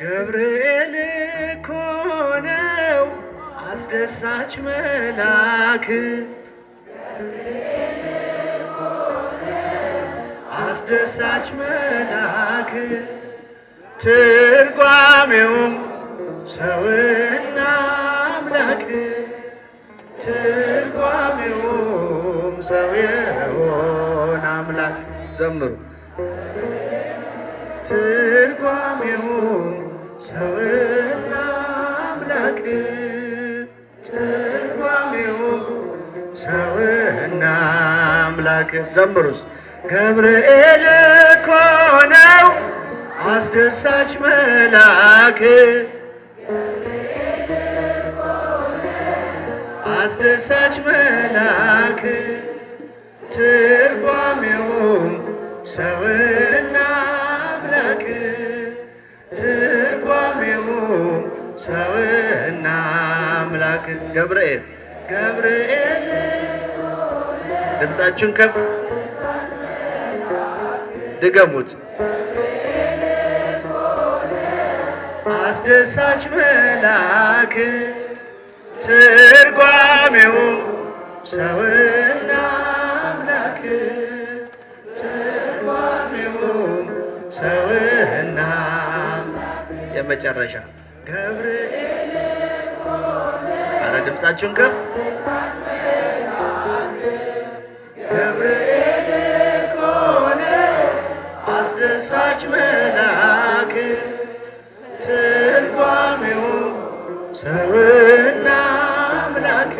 ገብርኤል እኮ ነው አስደሳች መልአክ አስደሳች መልአክ ትርጓሜውም ሰውና አምላክ ትርጓሜውም ሰው የሆነ አምላክ ዘምሩ ትርጓሜውም ሰውና አምላክ ትርጓሜው ሰውና አምላክ ዘምሩስ ገብርኤል ኮነው አስደሳች መልአክ አስደሳች መልአክ ትርጓሜውም ሰውና አምላክ ሰውና አምላክ ገብርኤል ገብርኤል ድምፃችሁን ከፍ ድገሙት። አስደሳች መልአክ ትርጓሜው ሰውና አምላክ ትርጓሜው ሰውና የመጨረሻ ገብርኤል አረ ድምፃችሁን ከፍ ገብርኤል ከሆነ አስደሳች መልአክ ትርጓሜው ሰውና አምላክ